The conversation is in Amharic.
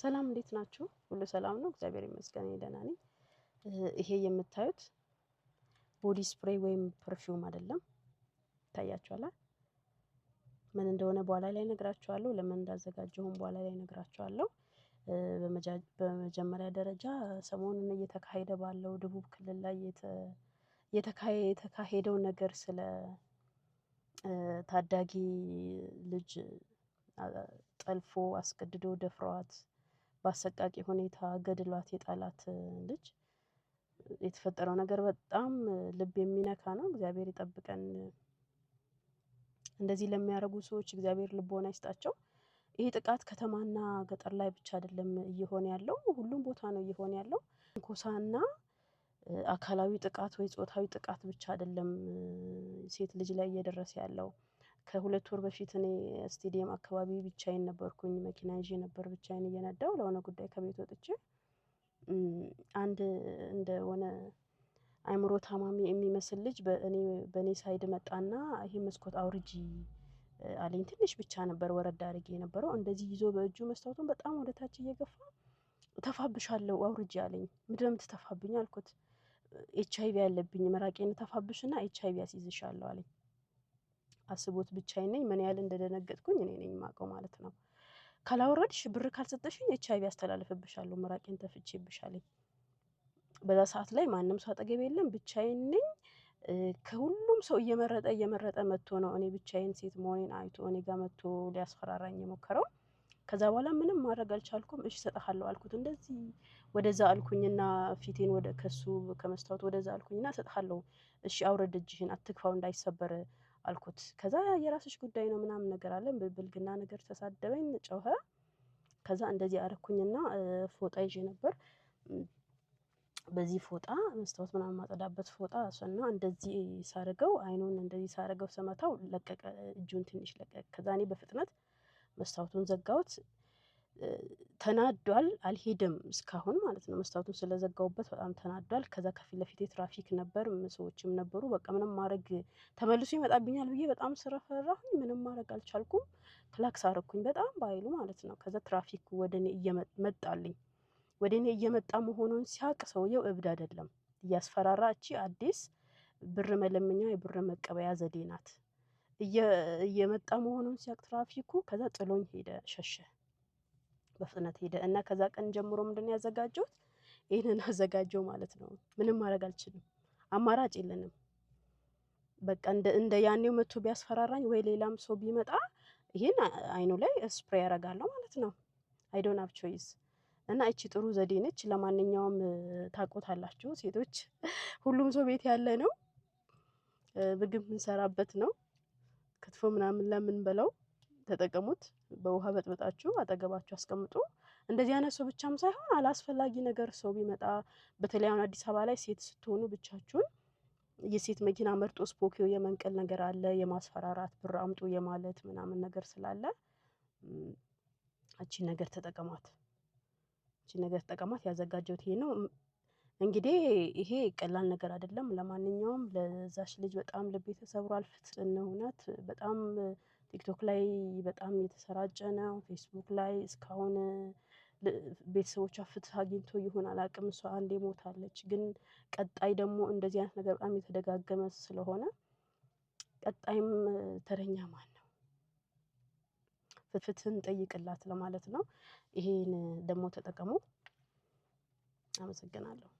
ሰላም እንዴት ናችሁ? ሁሉ ሰላም ነው? እግዚአብሔር ይመስገን ደህና ነኝ። ይሄ የምታዩት ቦዲ ስፕሬይ ወይም ፐርፊውም አይደለም። ይታያችኋል። ምን እንደሆነ በኋላ ላይ ነግራችኋለሁ። ለምን እንዳዘጋጀሁም በኋላ ላይ ነግራችኋለሁ። በመጀመሪያ ደረጃ ሰሞኑን እየተካሄደ ባለው ደቡብ ክልል ላይ የተካሄደው ነገር ስለ ታዳጊ ልጅ ጠልፎ አስገድዶ ደፍሯት በአሰቃቂ ሁኔታ ገድሏት የጣላት ልጅ የተፈጠረው ነገር በጣም ልብ የሚነካ ነው። እግዚአብሔር ይጠብቀን። እንደዚህ ለሚያደርጉ ሰዎች እግዚአብሔር ልቦና ይስጣቸው። ይህ ጥቃት ከተማና ገጠር ላይ ብቻ አይደለም እየሆነ ያለው፣ ሁሉም ቦታ ነው እየሆነ ያለው። ትንኮሳና አካላዊ ጥቃት ወይ ጾታዊ ጥቃት ብቻ አይደለም ሴት ልጅ ላይ እየደረሰ ያለው። ከሁለት ወር በፊት እኔ ስቴዲየም አካባቢ ብቻዬን ነበርኩኝ። መኪና ይዤ ነበር ብቻዬን እየነዳው ለሆነ ጉዳይ ከቤት ወጥቼ አንድ እንደሆነ አይምሮ ታማሚ የሚመስል ልጅ በእኔ በእኔ ሳይድ መጣና ይሄ መስኮት አውርጂ አለኝ። ትንሽ ብቻ ነበር ወረዳ አድርጌ የነበረው እንደዚህ ይዞ በእጁ መስታወቱን በጣም ወደ ታች እየገፋ እተፋብሻለሁ አውርጂ አለኝ። ምንድን ነው የምትተፋብኝ አልኩት። ኤች አይቪ ያለብኝ መራቄን እተፋብሽና ኤች አይቪ አስይዝሻለሁ አለኝ። አስቦት ብቻዬን ነኝ። ምን ያህል እንደደነገጥኩኝ እኔ ነኝ የማውቀው ማለት ነው። ካላወረድሽ ብር ካልሰጠሽኝ ኤች አይቪ ያስተላልፍብሻለሁ፣ ምራቄን ተፍቼብሻለኝ። በዛ ሰዓት ላይ ማንም ሰው አጠገብ የለም፣ ብቻዬን ነኝ። ከሁሉም ሰው እየመረጠ እየመረጠ መጥቶ ነው እኔ ብቻዬን ሴት መሆኔን አይቶ እኔ ጋር መጥቶ ሊያስፈራራኝ የሞከረው። ከዛ በኋላ ምንም ማድረግ አልቻልኩም። እሺ እሰጥሃለሁ አልኩት። እንደዚህ ወደዛ አልኩኝና ፊቴን ወደ ከሱ ከመስታወት ወደዛ አልኩኝና እሰጥሃለሁ፣ እሺ አውረድ እጅህን፣ አትክፋው እንዳይሰበር አልኩት። ከዛ የራስሽ ጉዳይ ነው ምናምን ነገር አለን ብልግና ነገር ተሳደበኝ፣ ጮኸ። ከዛ እንደዚህ አረኩኝና ፎጣ ይዤ ነበር። በዚህ ፎጣ መስታወት ምናምን ማጸዳበት ፎጣ እሱና እንደዚህ ሳርገው አይኑን እንደዚህ ሳርገው ስመታው ለቀቀ፣ እጁን ትንሽ ለቀቀ። ከዛ እኔ በፍጥነት መስታወቱን ዘጋሁት። ተናዷል። አልሄደም እስካሁን ማለት ነው። መስታወቱን ስለዘጋውበት በጣም ተናዷል። ከዛ ከፊት ለፊቴ ትራፊክ ነበር፣ ሰዎችም ነበሩ። በቃ ምንም ማድረግ ተመልሶ ይመጣብኛል ብዬ በጣም ስለፈራሁኝ ምንም ማድረግ አልቻልኩም። ክላክስ አረኩኝ በጣም ባይሉ ማለት ነው። ከዛ ትራፊክ ወደ እኔ እየመጣልኝ ወደ እኔ እየመጣ መሆኑን ሲያቅ ሰውየው እብድ አይደለም እያስፈራራ እቺ አዲስ ብር መለመኛ የብር መቀበያ ዘዴ ናት። እየመጣ መሆኑን ሲያቅ ትራፊኩ ከዛ ጥሎኝ ሄደ ሸሸ። በፍጥነት ሄደ እና ከዛ ቀን ጀምሮ ምንድን ነው ያዘጋጀሁት? ይህንን አዘጋጀው ማለት ነው። ምንም ማድረግ አልችልም። አማራጭ የለንም። በቃ እንደ ያኔው መቶ ቢያስፈራራኝ ወይ ሌላም ሰው ቢመጣ ይህን አይኑ ላይ ስፕሬ ያደርጋለሁ ማለት ነው። አይ ዶንት ሃቭ ቾይስ እና እቺ ጥሩ ዘዴ ነች። ለማንኛውም ታቆታላችሁ ሴቶች፣ ሁሉም ሰው ቤት ያለ ነው። ምግብ የምንሰራበት ነው። ክትፎ ምናምን ለምን በለው ተጠቀሙት። በውሃ በጥብጣችሁ አጠገባችሁ አስቀምጡ። እንደዚህ አይነት ሰው ብቻም ሳይሆን አላስፈላጊ ነገር ሰው ቢመጣ በተለይ አሁን አዲስ አበባ ላይ ሴት ስትሆኑ ብቻችሁን የሴት መኪና መርጦ ስፖኪዮ የመንቀል ነገር አለ። የማስፈራራት ብር አምጡ የማለት ምናምን ነገር ስላለ እቺ ነገር ተጠቀማት፣ እቺ ነገር ተጠቀማት። ያዘጋጀሁት ይሄ ነው። እንግዲህ ይሄ ቀላል ነገር አይደለም። ለማንኛውም ለዛች ልጅ በጣም ልቤ ተሰብሯል። ፍትህ እውነት በጣም ቲክቶክ ላይ በጣም እየተሰራጨ ነው። ፌስቡክ ላይ እስካሁን ቤተሰቦቿ ፍትህ አግኝቶ ይሆን አላቅም። እሷ አንዴ ሞታለች፣ ግን ቀጣይ ደግሞ እንደዚህ አይነት ነገር በጣም የተደጋገመ ስለሆነ ቀጣይም ተረኛ ማን ነው? ፍትህን ጠይቅላት ለማለት ነው። ይሄን ደግሞ ተጠቀሙ። አመሰግናለሁ።